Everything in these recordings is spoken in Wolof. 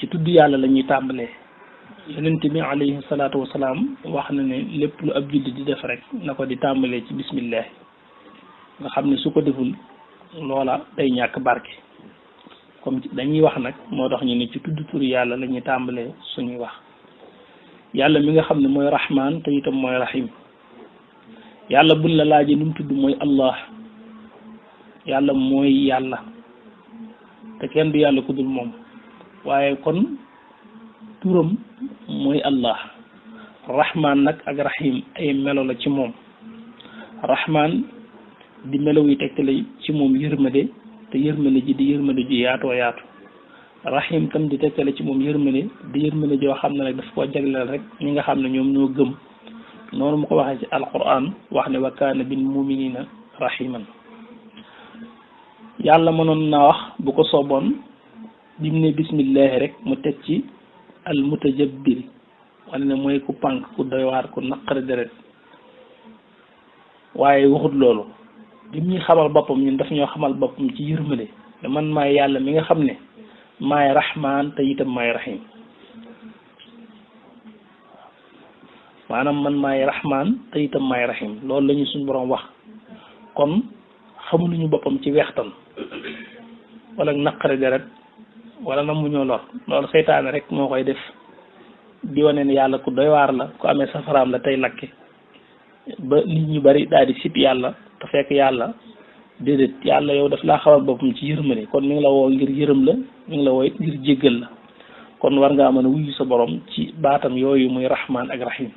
ci tudd yàlla la ñuy tàmbalee yonent bi alayhi salaatu wasalaam wax na ne lépp lu ab jullit di def rek na ko di tàmbalee ci bismillah nga xam ne su ko deful loola day ñàkk barke comme dañuy wax nag moo dox ñu ne ci tudd tur yàlla lañuy tàmbalee suñuy wax yàlla mi nga xam ne mooy rahmaan te itam mooy rahim yàlla bu la laajee nu mu tudd mooy allah yàlla mooy yàlla te kenn du yàlla ku dul moom waaye kon turam mooy allah rahman nag ak rahim ay melo la ci moom rahman di melo yu tegtale ci moom yërmande te yërmande ji di yërmande ji yaatoo yaatu rahim tam di tegtale ci moom yërmande di yërmande joo xam ne nag daf koo jagleel rek ñi nga xam ne ñoom ñoo gëm noonu mu ko waxee ci alquran wax ne wa kaana bil muminina rahiman yàlla mënoon naa wax bu ko sooboon bi mu ne bismillahi rek mu teg ci al mutajabbir wane ne mooy ku pànk ku doy waar ku deret waaye waxut loolu bi ñuy xamal boppam ñun daf ñoo xamal boppam ci yërmande ne man maay yàlla mi nga xam ne maay rahmaan te itam maay rahim maanaam man maay rahmaan te itam maay rahim loolu la suñ boroom wax kon xamuñu boppam ci weextan wala naqari deret wala na mu ñoo lor loolu seytaane rek moo koy def di wane ne yàlla ku doy waar la ku amee safaraam la tey lakke ba nit ñu bari daal di sib yàlla te fekk yàlla déedéet yàlla yow daf laa xamal boppam ci yërmande kon mi ngi la woo ngir yërëm la mi ngi la woo ngir jéggal la kon war ngaa mën a wuyu sa borom ci baatam yooyu muy rahmaan ak rahim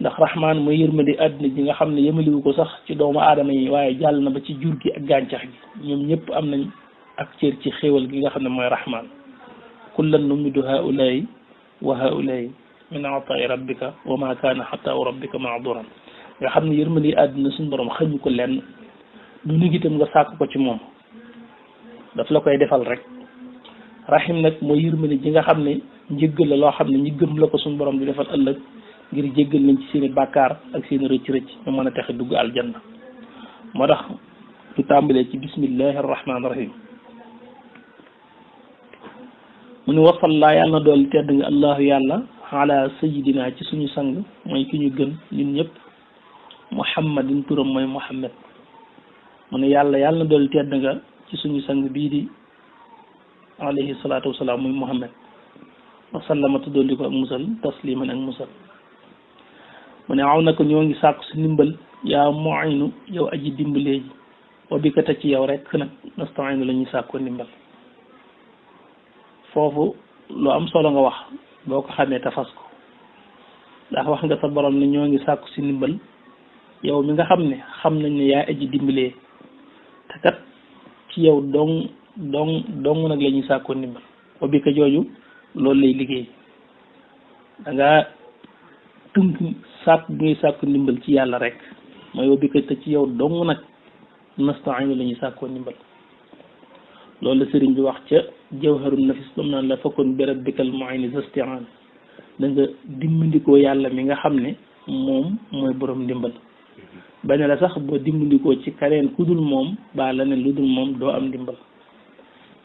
ndax rahmaan mooy yërmande àddina ji nga xam ne yemaliwu ko sax ci doomu aadama yi waaye jàll na ba ci jur gi ak gàncax gi ñoom ñëpp am nañ ak cër ci xéewal gi nga xam ne mooy rahman kullan numidu haulayi wa haulayi min ataai rabbika wa ma kaana xataau rabbika maaduran nga xam ne yërmande àddina suñu borom xëñu ko lenn du nit itam nga sàkk ko ci moom daf la koy defal rek rahim nag mooy yërmande ji nga xam ne njëggal la loo xam ne ñi gëm la ko suñu borom di defal ëllëg ngir jéggal nañ ci seeni bàkkaar ak seeni rëcc rëcc ñu mën a texe dugg aljanna moo tax ñu tàmbalee ci bismillahi arrahmani rahim mu ne wasalla yàlla na dool tedd nga allahu yàlla ala sayidina ci suñu sang mooy ki ñu gën ñun ñëpp muhammadin turam mooy muhammad mu ne yàlla yàlla na dool tedd nga ci suñu sang bii di alayhi salaatu wasalaam muy muhammad wasallama tuddooli ko ak musal tasliman ak musal mu ne aw na ko ñoo ngi sàkk si ndimbal yaa mu'inu yow aji dimbalee ji wa ci yow rek nag nastainu la ñuy sàkkoo ndimbal foofu loo am solo nga wax boo ko xamee te ko ndax wax nga sa borom ne ñoo ngi sàkku si ndimbal yow mi nga xam ne xam nañ ne yaa aji dimbalee yow dong dong dong nag la ñuy sàkkoo ndimbal ba bi loolu lay liggéey da nga tënk sàkk bi sàkku ndimbal ci yàlla rek mooy ci yow dong nag nastaan la ñuy ndimbal loolu sëriñ bi wax ca جوهر النفس ثم لا فكن بربك المعين استعان نجا ديمنديكو يالا ميغا خامني موم موي بروم ديمبال بان لا صاح بو ديمنديكو سي كارين كودول موم با لنن لودول موم دو ام ديمبال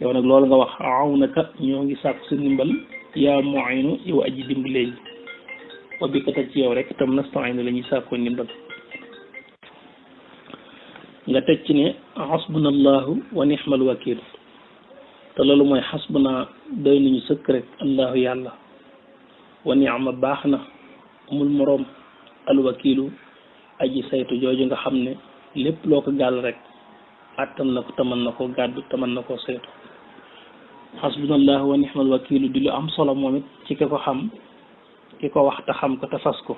يو نك لولا واخ عاونك نيوغي ساك سي ديمبال يا معين يو اجي وبك تاتي يو ريك تم نستعين لا ني ساكو ديمبال nga tek ne hasbunallahu wa ni'mal wakeel te loolu mooy xasbuna doy nañu sëkk rek allahu yàlla wa niama baax na amul moroom alwakiilu aji saytu jooju nga xam ne lépp loo ko gàll rek àttan na ko taman na ko gàddu taman na ko saytu xasbunallahu wa niamal wakiilu di lu am solo moom it ci ki ko xam ki ko wax te xam ko te fas ko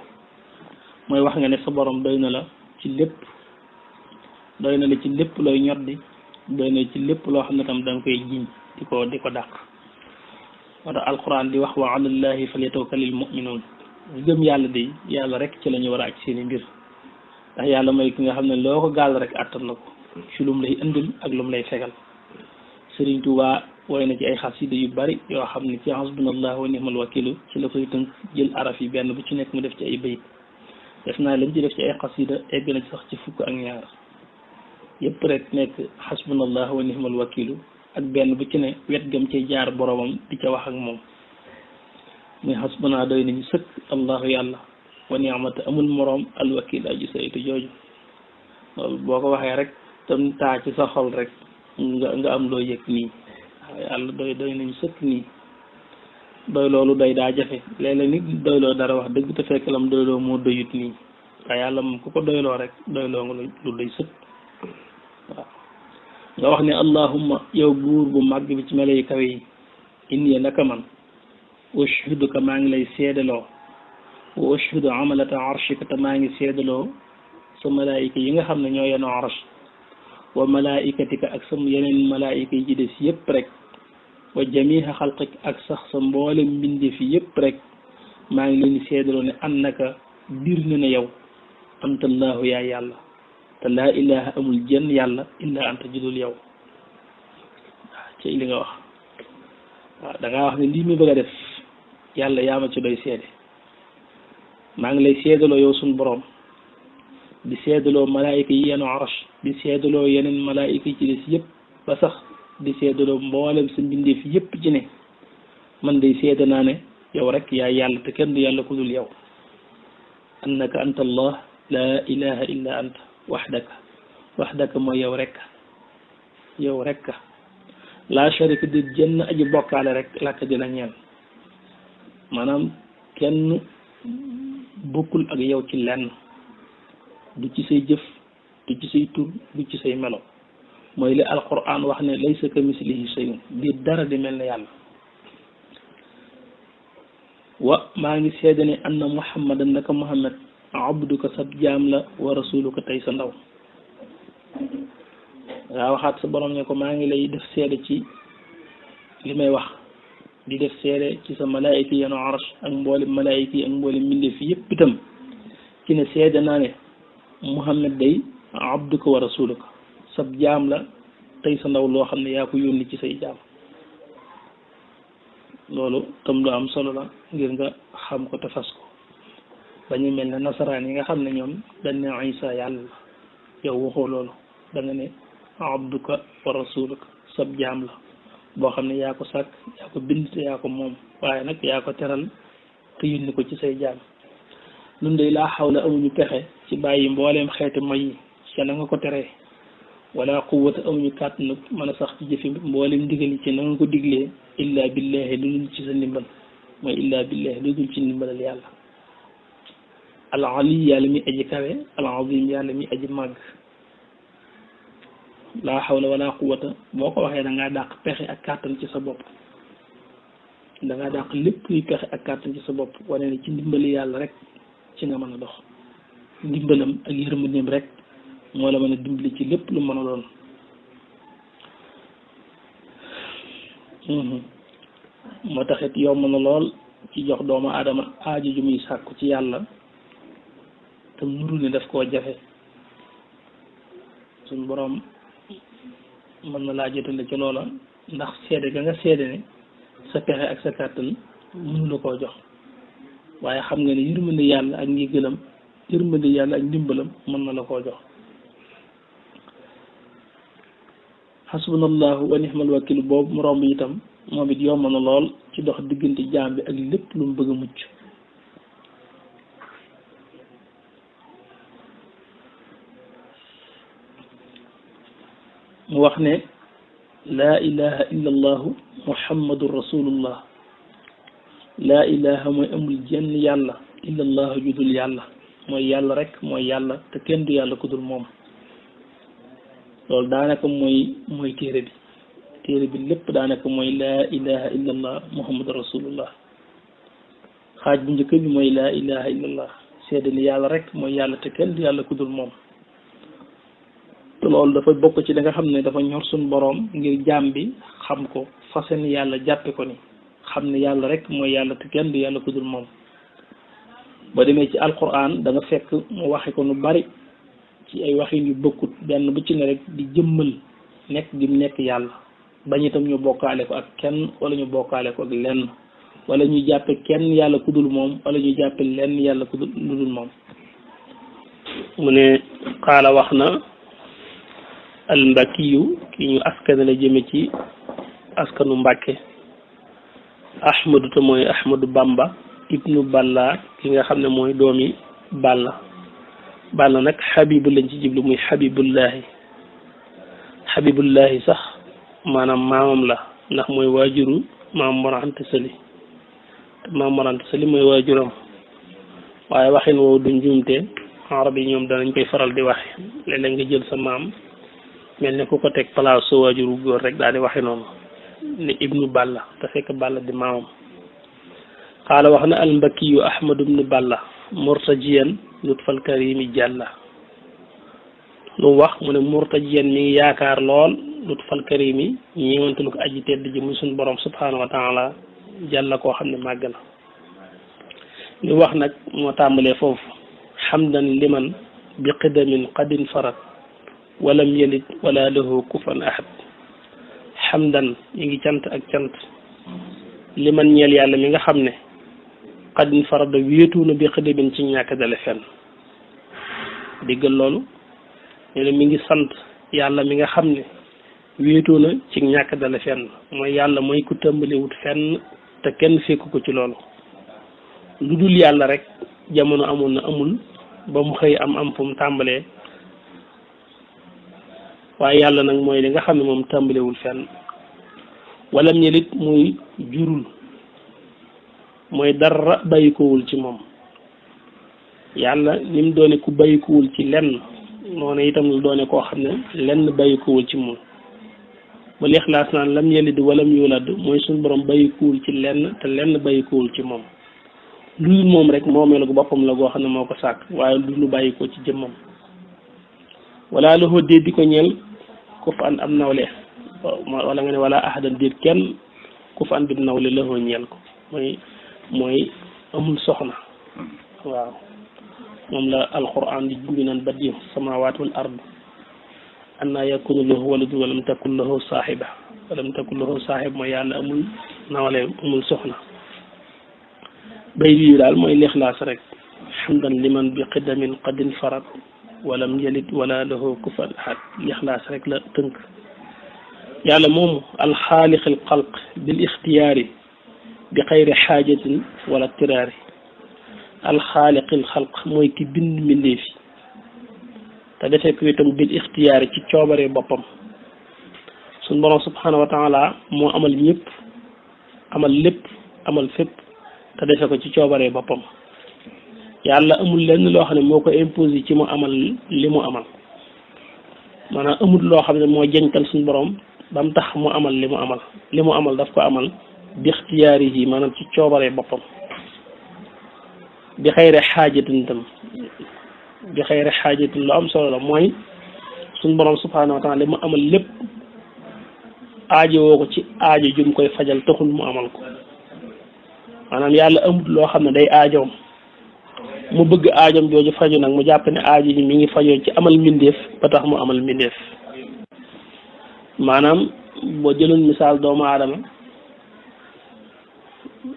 mooy wax nga ne sa borom doy na la ci lépp doy na la ci lépp looy ñoddi doy na ci lépp loo xam ne tam danga koy jiñ di ko di ko dàq moo tax alquran di wax wa alallahi falyatawakkalil mu'minuun ñu gëm yàlla de yàlla rek ci lañuy war a aj seeni mbir ndax yàlla mooy ki nga xam ne loo ko gaal rek àttan na ko ci lum lay indil ak lum lay fegal Sëriñ Tuubaa woy na ci ay xasida yu bari yoo xam ne ci hasbunallah wa ni'mal wakilu ci la koy tënk jël araf yi benn bu ci nekk mu def ci ay bayit def naa lañ ci ci ay xasida egg na ci sax ci fukk ak ñaar yëpp rek nekk hasbunallah wa ni'mal wakilu ak benn bu ci ne wet gam ci jaar boromam di ca wax ak moom muy xasbuna doy nañu sëkk allahu yàlla wa ni'mata amul moroom alwakil aji saytu jooju boo ko waxee rek tam taa ci sa xol rek nga nga am loo yëg nii yàlla doy doy nañu sëkk nii doy loolu doy daa jafe léeg-léeg nit doyloo dara wax dëgg te fekk lam doyloo moo doyut nii waaye yàlla moom ku ko doyloo rek doyloo nga lu doy sëkk waaw nga wax ne allahumma yow buur bu mag bi ci melo yu kawe yi inni naka man ashhuduka maa ngi lay seedaloo wa ashhudu amalata arshika te maa ngi seedaloo sa malaayika yi nga xam ne ñoo yenoo arsh wa malaayikatika ak sa yeneen malaayika yi ci des yëpp rek wa jamiha xalqik ak sax sa mboolem mbindeef yi yëpp rek maa ngi leen seedaloo ne annaka bir na ne yow antallahu yaa yàlla te laa amul jenn yàlla ant anta judul yow ci li nga wax danga wax ne lii muy bëgg def yàlla yaa ma ci doy seede maa ngi lay seedaloo yow suñu borom di seedaloo malaayika yi yenu arash di seedaloo yeneen malaayika yi ci des yëpp ba sax di seedaloo mboolem sa mbindeef yëpp ci ne man day seede naa ne yow rek yaay yàlla te kenn du yàlla ku dul yow annaka anta allah laa ilaha illa anta wahdaka wahdaka mooy yow rekk yow rekk laa sharika di jënn aji bokkaale rek lakka di la ñeel maanaam kenn bokkul ak yow ci lenn du ci say jëf du ci say tur du ci say melo mooy li alquran wax ne laysa ka mislihi shay'un di dara di mel ne yàlla wa maa ngi seede ne anna muhammadan naka muhammad abduka sab jaam la wa rasuluka tey sa ndaw ngaa waxaat sa borom ne ko maa ngi lay def seede ci li may wax di def seede ci sa malaayika yenu arsh ak mboolem malaayika yi ak mboolem mbindeef yépp itam ci ne seede naa ne mu xam muhammad day abduka wa rasuluka sab jaam la tey sa ndaw loo xam ne yaa ko yónni ci say jaam loolu tam du am solo la ngir nga xam ko te fas ba mel na nasaraan yi nga xam ne ñoom dañ ne Isa yàlla waxoo loolu da nga ne abduka wa rasuluka sab jaam la boo xam ne yaa ko sàkk yaa ko bind te yaa ko moom waaye nag yaa ko teral te yónni ko ci say jaam nun day laa xaw xawla amuñu pexe ci bàyyi mbooleem xeeti may yi ca na nga ko teree wala quwwata amuñu kàttanu mën a sax ci jëfe mbooleem ndigal ci nanga ko diglee illa billahi lu dul ci sa ndimbal mooy illa billahi lu dul ci ndimbalal yàlla al ali yàlla mi aji kawe al yàlla mi aji màgg laa la wala quwata boo ko waxee dangaa dàq pexe ak kàttan ci sa bopp da dàq lépp luy pexe ak kàttan ci sa bopp wane ne ci ndimbali yàlla rek ci nga mën a dox ndimbalam ak yërmandeem rek moo la mën a dimbali ci lépp lu mën a doon mhm. moo taxit yomb na lool ci jox doomu aadama aajo ju muy sàkku ci yàlla te nuru ne daf koo jafe suñ boroom mën na laa jotale ci loola ndax seede ga nga seede ne sa pexe ak sa kàttan mënu la koo jox waaye xam nga ne yërmande yàlla ak ñi gënam yërmande yàlla ak ndimbalam mën na la koo jox xasbunallahu wa nixmal wakil boobu mu romb itam moom it yomb na lool ci dox diggante jaam bi ak lépp lu mu bëgg a mucc موحنا لا إله إلا الله محمد رسول الله لا إله ما أم الجن يالا إلا الله جدول يالا ما يالا رك ما يالا تكن دي يالا كدول موم لول دانك موي موي تيري بي تيري بي لب دانك موي لا إله إلا الله محمد رسول الله خاج بن جكبي موي لا إله إلا الله سيد يالا رك ما يالا تكن دي يالا كدول موم te loolu dafa bokk ci li xam ne dafa ñor suñu boroom ngir jaam bi xam ko fase ni yàlla jàppe ko ni xam ne yàlla rek mooy yàlla te kenn du yàlla ku moom ba demee ci alquran da nga fekk mu waxe ko nu bari ay waxin yu bokkut benn bu ci di jëmmal nekk gi mu nekk yàlla bañ itam ñu bokkaale ko ak kenn wala ñu bokkaale ko ak lenn walla ñu jàppe kenn yàlla ku dul moom wala ñu jàppe lenn yàlla ku dul moom mu ne xaala wax na al mbàkkiyu ki ñu la jëme ci askanu mbàkke ahmadu te mooy ahmadu bàmba ibnu balla ki nga xam ne mooy doom yi balla balla nag xabibu lañ ci jiblu muy xabibullahi xabibullahi sax maanaam maamam la ndax mooy waajuru maam Mor Anta Sali maam Mor Anta Sali mooy waajuram waaye waxin woowu du njuumte arab yi ñoom danañ koy faral di waxe léeg-léeg nga jël sa maam mel ne ku ko teg place sa waajuru góor rek daal di waxe noonu ne ibnu balla te fekk balla di maamam xaala wax na almbakiyu ahmadu ibnu balla murtajiyan lutfal karimi jàlla lu wax mu ne murtajiyan mi ngi yaakaar lool lutfal karimi ñëwantalu ko aji tedd ji muy suñu borom subhanahu wa taala koo xam ne màgg la li wax nag moo tàmbalee foofu xamdan liman bi qidamin qadin farat walam yalid wala lahu kufan ahad xamdan ñi ngi cant ak cant li man ñeel yàlla mi nga xam ne xadin farada wéetu na bi xëdëbin ci ñàkk dale fenn diggal loolu ñu ne mi ngi sant yàlla mi nga xam ne wéetu na ci ñàkk dale fenn mooy yàlla mooy ku tëmbaliwut fenn te kenn fekku ko ci loolu lu dul yàlla rek jamono amoon na amul ba mu xëy am am fu mu tàmbalee waaye yàlla nag mooy li nga xam ne moom tàmbalewul fenn walam yelit muy jurul mooy dara bàyyikowul ci moom yàlla ni mu doone ku bàyyikowul ci lenn noonu itam la doone koo xam ne lenn bàyyikowul ci moom ba lixlaas naan lam yelid walam yulad mooy suñu borom bàyyikowul ci lenn lenn bàyyikowul ci moom lu moom rek moomeelu gu boppam la goo xam ne moo ko sàkk waaye du lu bàyyikoo ci jëmmam wala loxo dee di ko ñeel ku fa an am nawle wala nga ne wala ahadan biir kenn ku fa an bi nawle la hoo ñeel ko mooy mooy amul soxna waaw moom la alquran di jungi naan badiu samawaat wal ard anna yakunu lahu waladu walam takun lahu saaxiba walam takun lahu saaxib mooy yàlla amul nawle amul soxna bay bii daal mooy lixlaas rek xamdan liman bi qidamin qadin farat ولم يلد ولا له كفا حد يخلاص رك لا تنك يا لموم الخالق القلق بالاختيار بغير حاجة ولا اضطرار الخالق الخلق موي كي بن مليف تا دافاي كويتم بالاختيار تي تشوبري بوبام سن بورو سبحانه وتعالى مو عمل ييب عمل ليب عمل فيب تا دافاي كو تشوبري بوبام yàlla amul lenn lo xamne moko moo imposé ci mu amal li mu amal manam amul lo xamne mo moo jënkal suñu borom bam tax mu amal li mu amal li mu amal daf ko amal bi ikhtiyarihi manam ci ciobare bopam bi xayre hajatin tam bi xayre hajatin lo am solo la moy suñu borom subhanahu wa taala li mu amal lépp aaji woko ci aaji jum koy fajal taxul mu amal ko manam yàlla amul lo xamne day aajoom mu bëgg aajam jooju faju nag mu jàpp ne aajo ji mi ngi fajoo ci amal mbindeef ba tax mu amal mbindeef maanaam boo jëloon misaal doomu aadama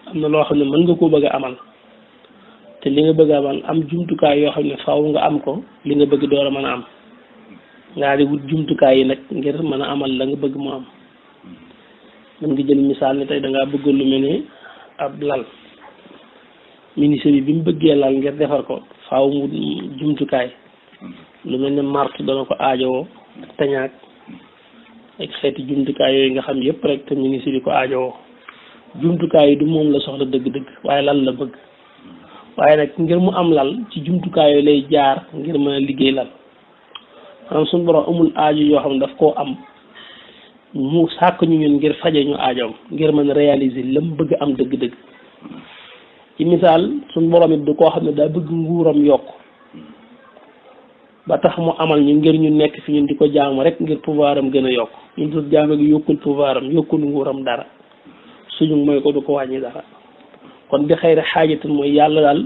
am na loo xam ne mën nga koo bëgg a amal te li nga bëgg a amal am jumtukaay yoo xam ne faaw nga am ko li nga bëgg door a mën a am ngaa di jumtukaay yi nag ngir mën a amal danga bëgg mu am mën nga jël misaal ne tey dangaa bëgg lu mel ni ab lal ministère yi bi mu bëggee lal ngir defar ko faaw mu jumtukaay lu mel ni martu dana ko aajowoo tañaak ak xeeti jumtukaay yooyu nga xam yëpp rek te ministère yi ko aajowoo jumtukaay yi du moom la soxla dëgg-dëgg waaye lal la bëgg waaye nag ngir mu am lal ci jumtukaay yooyu lay jaar ngir mën a liggéey lal maanaam suñu borom amul aajo yoo xam ne daf koo am mu sàkk ñu ñun ngir faje ñu aajoom ngir mën a réaliser lam bëgg am dëgg-dëgg ci misaal suñ borom it du koo xam ne daa bëgg nguuram yokk ba tax mu amal ñu ngir ñu nekk fi ñun di ko jaamu rek ngir pouvoir gën a yokk ñun suñ jaamu gi yokkul pouvoir yokkul nguuram dara suñu mooy ko du ko wàññi dara kon bi xëy xaajatin mooy yàlla daal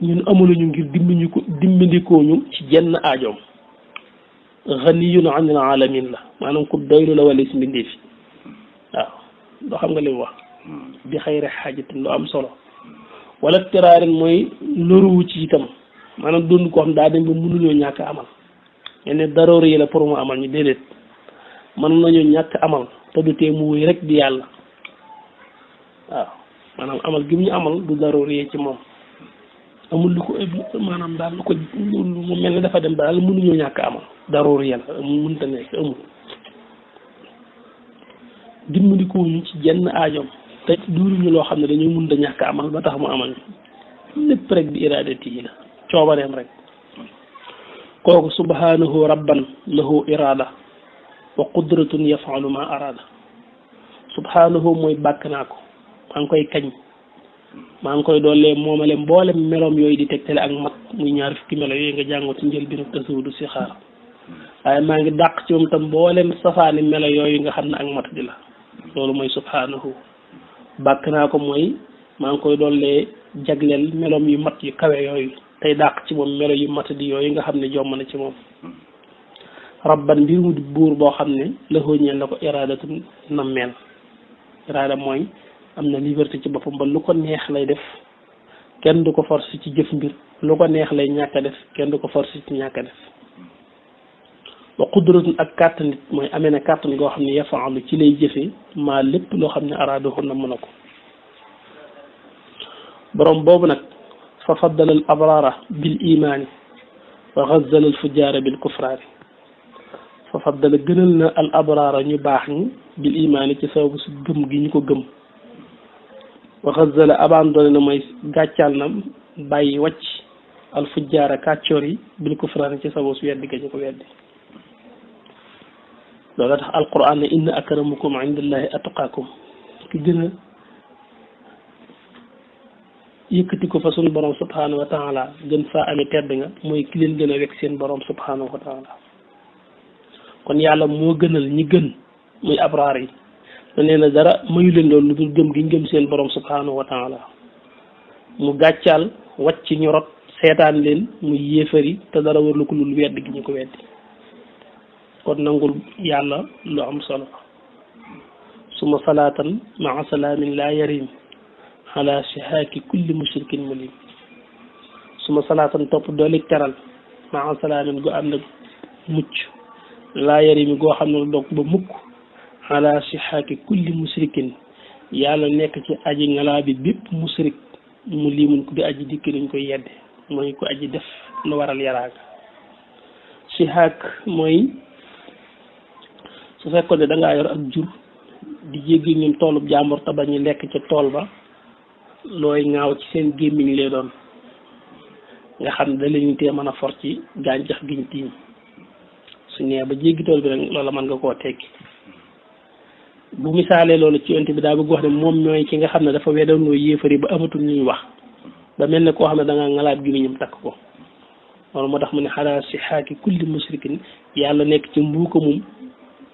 ñun amuluñu ngir dimbindikoo ko ñu ci jenn aajoom xaniyun anil alamin la maanaam ku doylu la wala si mbindee fi waaw doo xam nga li wax hmm. bi xëy na xaajatin lu am solo. wala tiraarin mooy loruwu ci itam maanaam dund ko xam daa dem ba mënuñoo ñàkk amal mel ne daroor yi la pour mu amal ñu déedéet mën nañu ñàkk amal te du rek di yàlla waaw amal gi ñu amal moom amul lu ko maanaam daal lu mu mel ne dafa dem daal mënuñoo ñàkk amal daroor yàlla mënta nekk ñu ci jenn aajoom te duuruñu loo xam ne dañoo mun da ñàkk amal ba tax mu amal lépp rek bi iradatihi la coobareem rek kooku subhanahu rabban lahu irada wa qudratun yafalu ma arada subhanahu mooy bàkk naa ko maa ngi koy kañ maa ngi koy doon doolee moomale mboolem meloom yooyu di tegtale ak mat muy ñaar fukki melo yooyu nga jàngoo ci njëlbéenu tasawudu si xaar waaye maa ngi dàq ci moom tam mboolem safaani melo yooyu nga xam ne ak mat di la loolu mooy subhanahu bàkk naa ko mooy maa ngi koy dollee jagleel meloom yu mat yu kawe yooyu tey dàq ci moom melo yu mat di yooyu nga xam ne jomm na ci moom rabban mbir mu buur boo xam ne la xooñeel la ko iraadatum nammeel iraada mooy am na liberté ci boppam ba lu ko neex lay def kenn du ko force ci jëf mbir lu ko neex lay ñàkk a def kenn du ko force ci ñàkk def wa qudratun ak kàttan mooy amee na kàttan goo xam ne yafaalu ci lay jëfee maa lépp loo xam ne araadahu na mën a ko boroom boobu nag fa faddala al abraara bil imaani wa xazzala al gënal na al abraara ñu baax ñi bil imaani ci sababu su gëm gi ñu ko gëm wa xazzala abandonné na mooy gàccaal na bàyyi wàcc al fujaara kàccoor yi bil kufraani ci sababu su weddi ga ñu ko weddi loolu tax alquran ne inna akramakum indallahi atqaakum ki gën yëkkati ko fa sunu borom subhanahu wa taala gën faa amee tedd nga mooy ki leen gën a wekk seen boroom subhanahu wa taala kon yàlla moo gënal ñi gën muy abraar yi te nee na dara mayu leen loolu lu dul gëm gi gëm seen borom subhanahu wa taala mu gàccaal wàcc ñu rot seetaan leen muy yéefar yi te dara war lu ko lul wedd gi ñu ko weddi kon nangul yàlla lu am solo suma salaatan maa salaamin laa yarim ala shihaaki kulli mushrikin mulim suma salaatan topp doolik teral maa salaamin gu ànd ak mucc laa yarimi goo xam ne la dog ba mukk ala shihaaki kulli mushrikin yàlla nekk ci aji ngalaa bi bépp musrik mu liimuñ ko bi aji dikk dañ koy yedde mooy ko aji def lu waral yaraanga shihaak mooy su fekkoon ne da yor ak jur di jéggi ñun toolub jàmbur te ñu lekk ca tool ba looy ŋaaw ci seen gémmiñ lay doon nga xam ne da lañu tee mën a for ci gàncax giñ tiim su ñëwee ba jéggi tool bi rek loola nga koo tekki bu misaalee loolu ci yonte bi daa bëgg wax ne moom ñooy ki nga xam ne dafa wedanoo yéefari ba amatul ñuy wax ba mel ne koo xam ne danga ngaa ngalaab takk ko loolu moo tax mu ne xalaa si xaaki kulli musrikin yàlla nekk ci mbuuka mum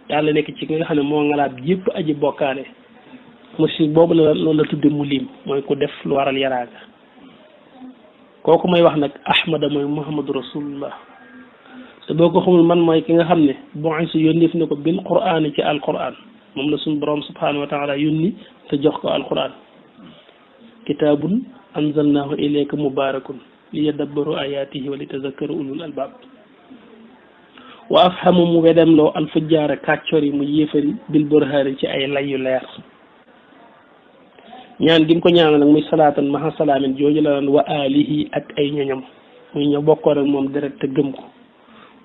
yàlla nekk ci ki nga xam ne moo ngalaab yépp aji bokkaale musi boobu la loolu la tudde mu lim mooy ku def lu waral yaraaga kooku may wax nag ahmada mooy muhammadu rasulullah te boo ko xamul man mooy ki nga xam ne bon su yónneef ne ko bil quraan ci alquran moom la suñu borom subhanahu wa taala yónni te jox ko alquran kitaabun anzalnaahu ilayka mubarakun li yadabbaru ayatihi wa li tazakkaru ulul albab wa afhamu mu wedemloo alfujjaara kàccoor yi mu yéefari bil burhaari ci ay lay yu leer ñaan gi mu ko ñaanal nag muy salaatan maha salaamin jooju la lan wa alihi ak ay ñoñom muy ña bokkoon ak moom deret te gëm ko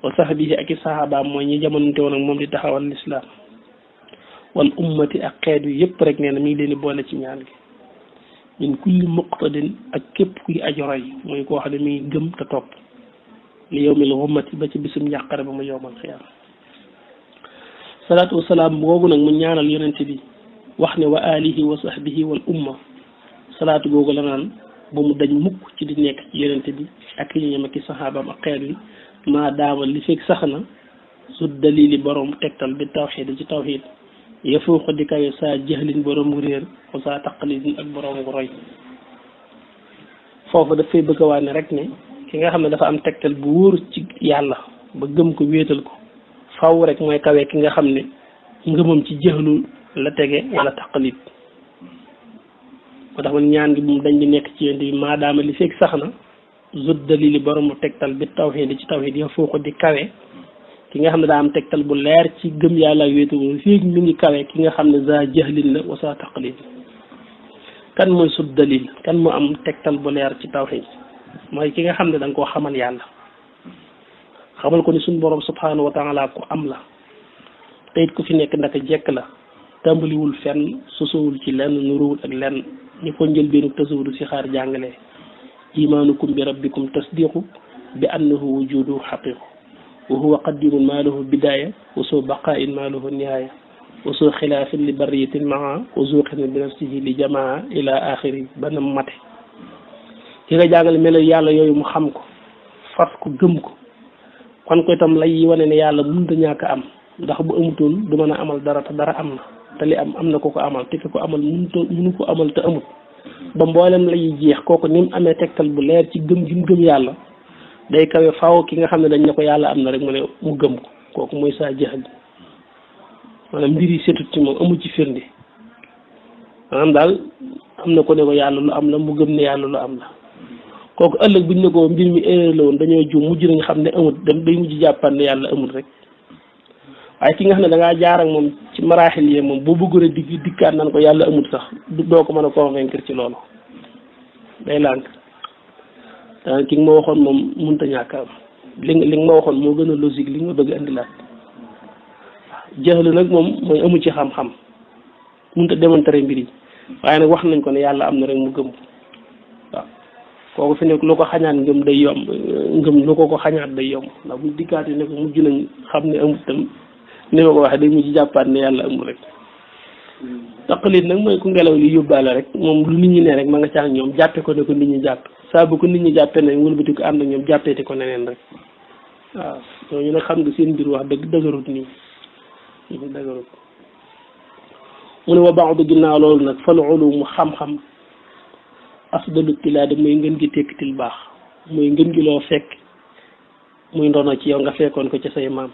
wa sahbihi ak i sahabaam mooy ñi jamonante woon ak moom di taxawal lislaam wal ummati ak xeet yu yëpp rek nee na mi leen di boole ci ñaan gi min kulli muqtadin ak képp kuy aju roy muy koo xam ne mi ngi gëm te topp li yowmil xummati ba ci bisum njàqare ba mu yowmal xiyaam salaatu wasalaam googu nag mu ñaanal yonente bi wax ne wa alihi wa sahbihi wal umma salaatu googu la naan ba mu dañ mukk ci di nekk ci yonente bi ak li ñam ak i saxaabaam ak xeet wi maa daamal li fekk sax na su dalili borom tegtal bi tawxiid ci tawxiid yafuuxu di kawe saa jaxlin borom gu réer wa saa taqalidin ak borom gu roy foofu dafay bëgg a waane rek ne ki nga xam ne dafa am tegtal bu wóor ci yàlla ba gëm ko wéetal ko faw rek mooy kawe ki nga xam ne ngëmam ci jëxlu la tege wala taqlid moo tax man ñaan gi moom dañ di nekk ci yéen di maadaama li fekk sax na zut dalili boromu tegtal bi tawxiid ci tawxiid ya foo ko di kawe ki nga xam ne daa am tegtal bu leer ci gëm yàlla wéetu moom fii mi ngi kawe ki nga xam ne za jahlin la wa sa taqlid kan mooy sut dalil kan moo am tegtal bu leer ci tawxiid mooy ki nga xam ne danga koo xamal yàlla xamal ko ni suñu borom subhanahu wa taala ko am la te ku fi nekk ndaka jekk la tàmbaliwul fenn sosowul ci lenn nuruwul ak lenn ni ko njëlbeenu tasawudu si xaar jàngale imaanukum bi rabbikum tasdiqu bi annahu wujudu xaqiqu wa huwa qadimun maa lahu bidaaya wa soo baqaain maa lahu nihaaya wa soo xilaafin li bariyatin maa wa zuuqin bi nafsihi li jamaa ila axiri ba na mate ki nga jàngale melo yàlla yooyu mu xam ko fas ko gëm ko kon ko itam lay wane ne yàlla mënut a ñàkk am ndax bu amutoon du mën a amal dara te dara am na te am na ko ko amal te ki ko amal mënut ba mboolem lay jeex kooku ni mu amee tegtal bu leer ci gëm gi yàlla day kawe faaw ki nga xam ne dañ ne yàlla am na rek mu mu gëm ko kooku mooy saa ci moom amu ci firnde maanaam daal am na ko ne ko yàlla lu am la mu gëm ne yàlla lu am la. kooku ëllëg ñu ne ko mbir mi erreur la woon dañoo juum mujj nañ xam ne amut dem day mujj jàppan ne yàlla amut rek waaye ki nga xam ne da jaaral jaar ak moom ci maraaxil yi moom boo bëggoon a digg dikkaat nan ko yàlla amut sax doo ko mën a convaincre ci loolu lànk ki nga waxoon moom mënut li li nga ma waxoon moo gën a logique li nga ma bëgg a indilaat jëxlu nag moom mooy amu ci xam-xam mënut a démontrer mbir yi waaye nag wax nañ ko ne yàlla am na rek mu gëm. kooku fi nekk lu ko xañaat ngëm day yomb ngëm lu ko ko xañaat day yomb ndax buñ dikkaatee ne ko mujj nañ xam ne amul tam ni ma ko waxee day mujj jàppaat ne yàlla amul rek taqalit nag mooy ku ngelaw li yóbbaale rek moom lu nit ñi ne rek ma nga caa ñoom jàppee ko ne ko nit ñi jàpp saa ko nit ñi jàppee ne wëlbati ko ànd ak ñoom jàppeeti ko neneen rek waaw ñooñu nag xam nga seen mbir wax dëgg dëgërut nii dëgërut mu ne wa baax du ginnaaw loolu nag fal ulum mu xam-xam afdalu tilaada mooy ngeen gi tekkitil baax mooy ngën gi loo fekk muy ndono ci yow nga fekkoon ko ci say maam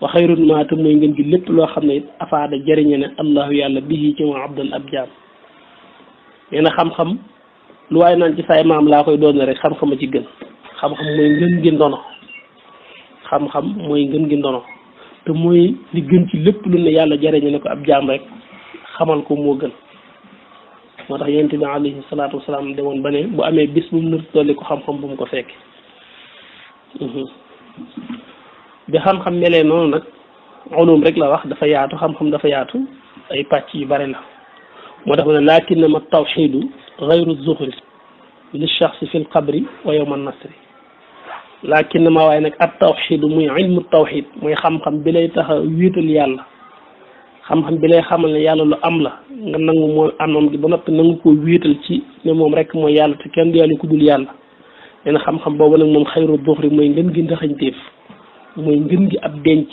wa xayrun maata mooy ngën gi lépp loo xam ne it afaada jëriñe ne allahu yàlla bihi ci moom abdal ab jaam nee na xam-xam lu waaye naan ci say maam laa koy doon rek xam-xama ci gën xam-xam mooy ngën gi ndono xam-xam mooy ngën gi ndono te mooy li gën ci lépp lu ne yàlla jëriñe ne ko ab jaam rek xamal ko moo gën motax tax yonent bi alayhi salaatu wasalaam demoon ba ne bu amé bis bu nur nër ko xam-xam bu mu ko fekk bi xam-xam melé non nak ulum rek la wax dafa yaatu xam-xam dafa yaatu ay patch yu bari la motax la mu ne laakin ma tawxidu gayru zuxri li shakhs fi al qabr wa yawm al nasr laakin ma way nak at tawhid muy ilmu tawhid muy xam-xam bi lay taxaw a yàlla xam-xam bi lay xamal ne yàlla lu am la nga nangu mooy amoon gi ba noppi nangu ko wéetal ci ne moom rek mooy yàlla te kenn du yàlla ku dul yàlla nee na boobu nag moom xayru duxri mooy ngën gi ndaxañteef mooy ngën gi ab denc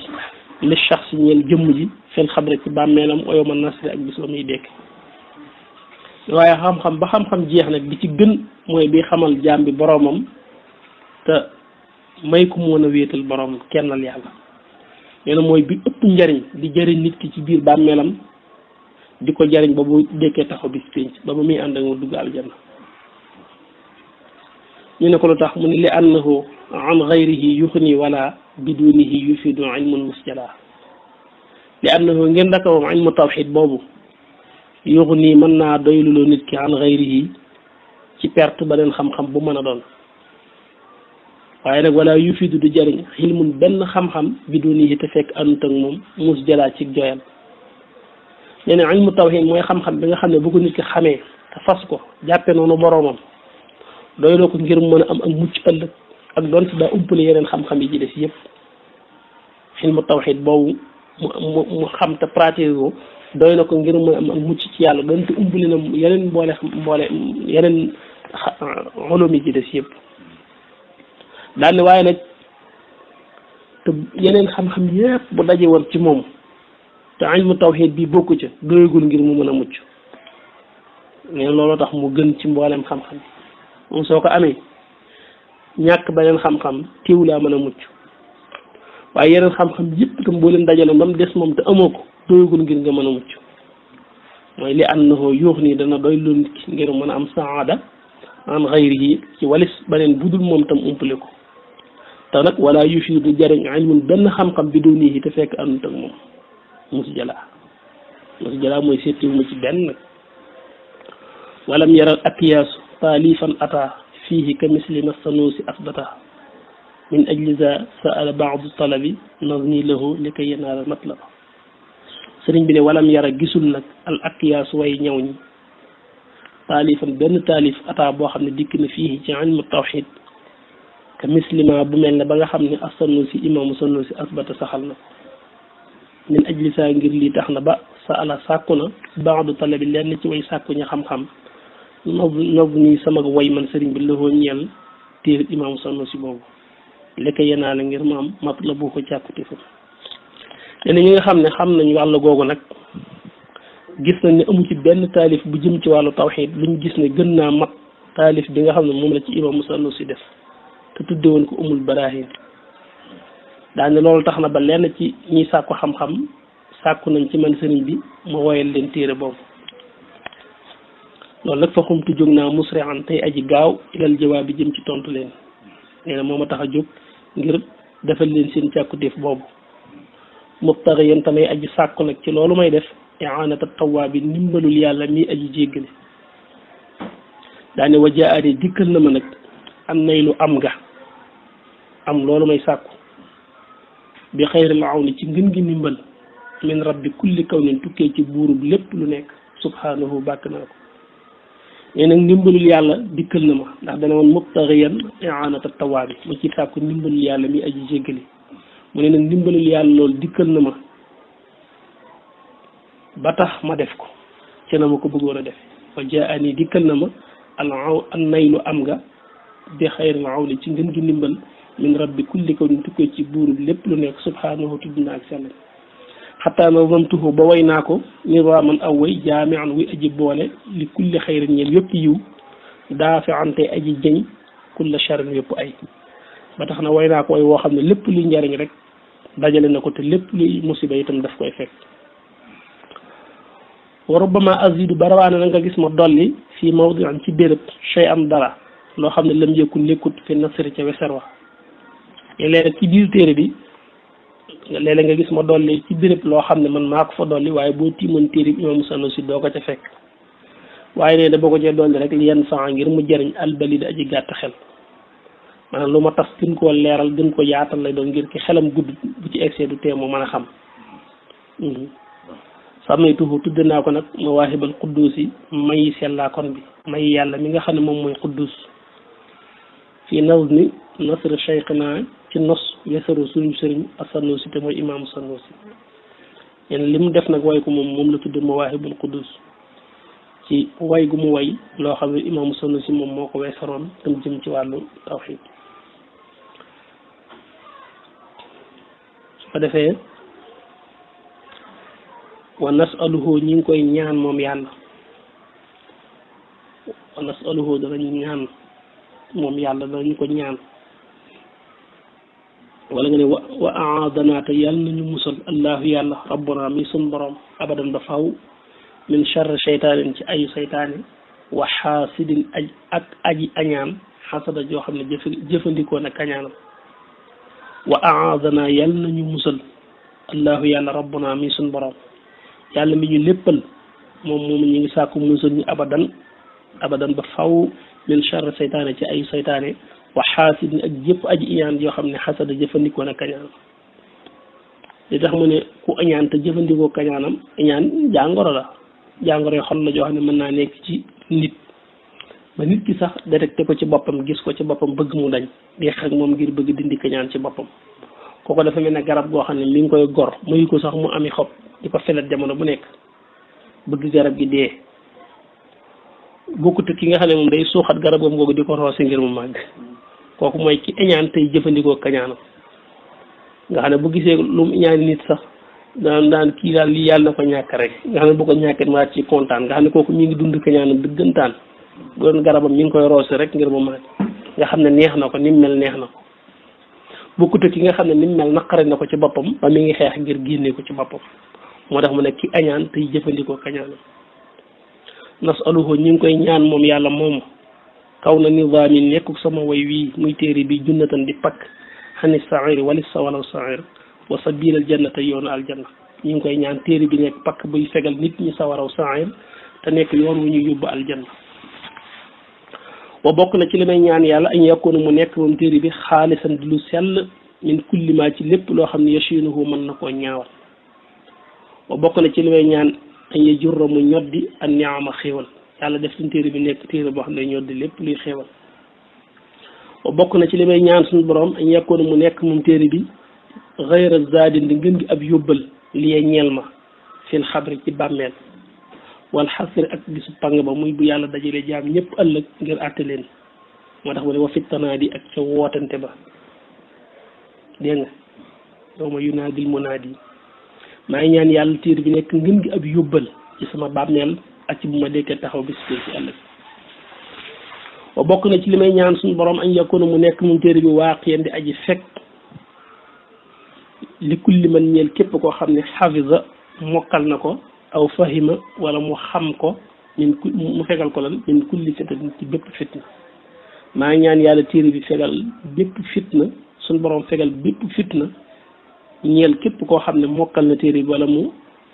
li shaxsi ñeel jëmm ji seen xabre ci bàmmeelam oyo ma nasri ak bis ba muy dekk waaye xam-xam ba xam-xam jeex nag bi ci gën mooy bi xamal jaam bi boroomam te may ko mën a wéetal boroom kennal yàlla nee mooy bi ëpp njariñ di jariñ nit ki ci biir bàmmeelam di ko jariñ ba bu dekkee taxaw bis pénc ba ba muy ànd ak mu dugg aljanna ñu ne ko lu tax mu ne li annahu an gayrihi yuxni wala bidunihi yufidu ilmun musjala li annahu ngeen dakawam ilmu tawxid boobu yuxni mën naa doyluloo nit ki an gayrihi ci perte beneen xam-xam bu mën a doon waaye nag wala yu fiidu du jëriñ xilmun benn xam-xam bi du nii te fekk anut ak moom muus jalaa ci joyal nee na ilmu tawhid mooy xam-xam bi nga xam ne bu ko nit xamee te fas ko jàppe noonu boroomam doyloo ko ngir mën a am ak mucc ëllëg ak doon si daa yeneen xam yi ci des yëpp xilmu tawhid boobu mu xam te pratique ko doy na ko ngir mën a ak mucc ci yàlla doon te umpale na yeneen mboole mboole yeneen xolum yi ci des yëpp daal waaye nag te yeneen xam-xam yépp bu daje woon ci moom te ilmu tawxiid bi bokku ca doyagul ngir mu mën a mucc mais tax mu gën ci mboolem xam moom soo ko amee ñàkk beneen xam-xam laa mën a mucc waaye yeneen xam yépp itam boo leen dajale ba moom te amoo ko doyagul ngir nga mën a mucc mooy li na annahu yuux nii dana doy lu ngir mën a am saada an xayrihi ci walis beneen budul moom tam umpale ko. تنك ولا يفيد جرن علم بن خم خم بدونه تفك أن تنم مسجلا مسجلا ميسيت مش بن ولم يرى الأكياس طالفا أتى فيه كمثل ما الصنوس أثبتا من أجل ذا سأل بعض الطلب نظني له لكي ينال المطلب سرين بني ولم يرى جسل لك الأكياس وينيوني طالفا بن طالف أتى بوخم ديكنا فيه جعل التوحيد te mislima bu mel ne ba nga xam ne asanu si imaamu sanu si asbata saxal na min ajlisa ngir lii tax na ba sa ala sàkku na baadu bi lenn ci way sàkku ña xam-xam nob nob nii sama woy man sëriñ bi lëfoo ñeel téere imaamu sanu boobu lekk yenaa la ngir maam mat la boo ko càkkuti fa leen ñi nga xam ne xam nañ wàll googu nag gis nañ ni amu ci benn taalif bu jëm ci wàllu tawxiid luñ gis ne gën naa mat taalif bi nga xam ne moom la ci imaamu sanu def te tudde woon ko umul barahin daañu loolu tax na ba lenn ci ñi sàkku xam-xam sàkku nañ ci man sëriñ bi ma woyal leen téere boobu loolu nag fa xumtu jóg naa musri'an tey aji gaaw ilal jawaab bi jëm ci tontu leen nee na moo ma tax a jóg ngir defal leen seen càkkutéef boobu mubtaghiyan tamay aji sàkku nag ci loolu may def i'anata tawwaabi ndimbalul yàlla mii aji jéggale daane wajaare dikkal na ma nag am nay lu am ga am loolu may sàkku bi aw awni ci ngën gi ndimbal min rabbi kulli kawnin tukkee ci buurub lépp lu nekk subhaanahu bàkk naa ko nee nag ndimbalul yàlla dikkal na ma ndax dana woon mubtaxiyan iaanata tawaabi ma ci sàkku ndimbalul yàlla mi aji jéggali mu ne nag ndimbalul yàlla loolu dikkal na ma ba tax ma def ko ci na ma ko bëggoon a def wa jaa ani dikkal na ma al naylu am nga bi xayril awli ci ngën gi ndimbal min rabbi kulli kaw ñu tukkee ci buurub lépp lu nekk subhaanahu tudd na ak sellam xataa nazamtuhu naa ko niraaman aw way jaamian wuy aji boole li kulli xayrin ñeel yëpp yiw daafi ante aji jëñ kulla na way naa ko woo xam ne lépp luy njariñ rek dajale na ko te lépp luy musiba itam daf koy fekk wa rubbama azidu barawaane na nga gis ma dolli fii mawdian ci béréb shay am dara loo xam ne lam yëkku nekkut fi nasri ca weser wa léeg ci biir téere bi léeg nga gis ma dolli ci béréb loo xam ne man maa ko fa dolli waaye boo tiimoon téere bi imam Sanusi doo ko ca fekk waaye nee na boo ko cee dolli rek li yenn saa ngir mu jëriñ albalida aji gàtt xel maanaam lu ma tas gën koo leeral gën ko yaatal lay doon ngir ki xelam gudd bu ci excès du tee mu mën a xam mhm. sàmmituhu tudd naa ko nag mawaahibal qudduus yi mayi sellaa kon bi may yàlla mi nga xam ne moom mooy quddus fi nazmi nasr naa ci nos wesaru suñu sëriñ Sanusi te mooy imaamu Sanusi nee li mu def nag way ko moom moom la tudde Mawaahibul Quddus ci way gu mu way loo xam ne imaamu Sanusi moom moo ko weesaroon te mu jëm ci wàllu tawxiid su ko defee wa nasaluhu ñi ngi koy ñaan moom yàlla wa nasaluhu danañu ñaan moom yàlla danañ ko ñaan wala nga ne wa wa aadanaata yàlla nañu musal allahu yàlla rabbuna mi sun borom abadan ba faw min charre seytaanin ci ay seytaane wa xaasidin ak aji añaan xasada joo xam ne jëf jëfandikoo na kañaanam wa aadana yàlla nañu musal allahu yàlla rabbuna mi sun borom yàlla mi ñu léppal moom moom ñu ngi sàkku musal ñu abadan abadan ba faw min charr seytaane ci ay saytaane wa xaasidin ak jëpp aji iñaan yoo xam ne xasada jëfandikoo na kañaanam di tax mu ne ku añaan te jëfandikoo kañaanam iñaan jàngoro la jàngoro yoo xol la joo xam ne mën naa nekk ci nit ba nit ki sax détecté ko ci boppam gis ko ci boppam bëgg mu dañ deex ak moom ngir bëgg dindi kañaan ci boppam kooko dafa mel ne garab goo xam ne mi ngi koy gor muyu ko sax mu ami xob di ko felet jamono bu nekk bëgg garab gi dee bokkut ki nga xam ne moom day suuxat garabam googu di ko roose màgg kooku mooy ki iñaan tey jëfandikoo kañaanam nga xam ne bu gisee lu mu nit sax daan daan kii daal lii yàlla na ko ñàkk rek nga xam bu ko ñàkkee mu ci kontaan nga ne kooku mi ngi dund kañaanam dëggantaan bu doon mi ngi koy roose rek ngir mu xam ne neex na ko ni mu mel neex na ko bokkut ki nga xam ne ni mu mel naqare na ko ci boppam ba mu ngi xeex ngir génne ko ci boppam moo tax mu ne ki añaan tey jëfandikoo kañaanam nasaluhu ñu ngi koy ñaan moom yàlla moom kaw na nizaami nekkuk sama way wii muy téere bi junnatan di pakk xani sair wali sawalaw sair wa sabiilal jannata yoonu aljanna ñu ngi koy ñaan téere bi nekk pakk buy fegal nit ñi sawaraw sair te nekk yoon wu ñu yóbbu aljanna wa bokk na ci li may ñaan yàlla añ yakkoonu mu nekk moom téere bi xaalisan di lu sell min kulli ma ci lépp loo xam ne yashinuhu mën na koo ñaawal wa bokk na ci li may ñaan an yajurra mu ñoddi an niama xéewal yàlla def suñ téere bi nekk téere boo xam ne ñoddi lépp luy xéewal bokk na ci li may ñaan suñu borom an yakkoon mu nekk moom téere bi xayra zaadin di ngën gi ab yóbbal liee ñeel ma seen xabri ci bàmmeel wal xasri ak bisu pang ba muy bu yàlla dajale jaam ñëpp ëllëg ngir àtte leen moo tax mu ne wa fittanaa ak ca wootante ba dégg nga yow ma yunaadil munaadi maa ngi ñaan yàlla téere bi nekk ngeen gi ab yóbbal ci sama bàmmeel ak ci bu ma dekkee taxaw bi ci ëllëg ba bokk na ci li may ñaan suñu borom añ yàkkoona mu nekk moom téere bi waaqiyan di aji fekk li kulli man ñeel képp koo xam ne xafisa mokkal na ko aw fahima wala mu xam ko min ku mu fegal ko lan min kulli fitna ci maa ñaan yàlla téere bi fegal bépp fitna suñu borom fegal bépp na ñeel képp koo xam ne mokkal na téere bi wala mu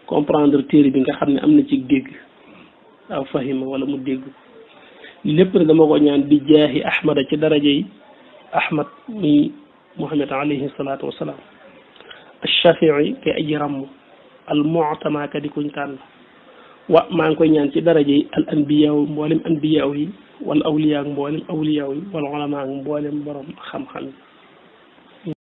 comprendre téere bi nga xam ne am na ci dégg aw fahima wala mu dégg lépp ne dama ko ñaan bi jaahi ahmada ci daraja yi ahmad mi muhammad alayhi salaatu wasalaam alshafii kay aji ràmm almutama ka di kuñ tànn wa maa ngi koy ñaan ci daraja yi al anbiyaaw mboolem anbiyaaw yi wala awliyaaw mboolem awliyaaw yi wala ulama mboolem borom xam-xam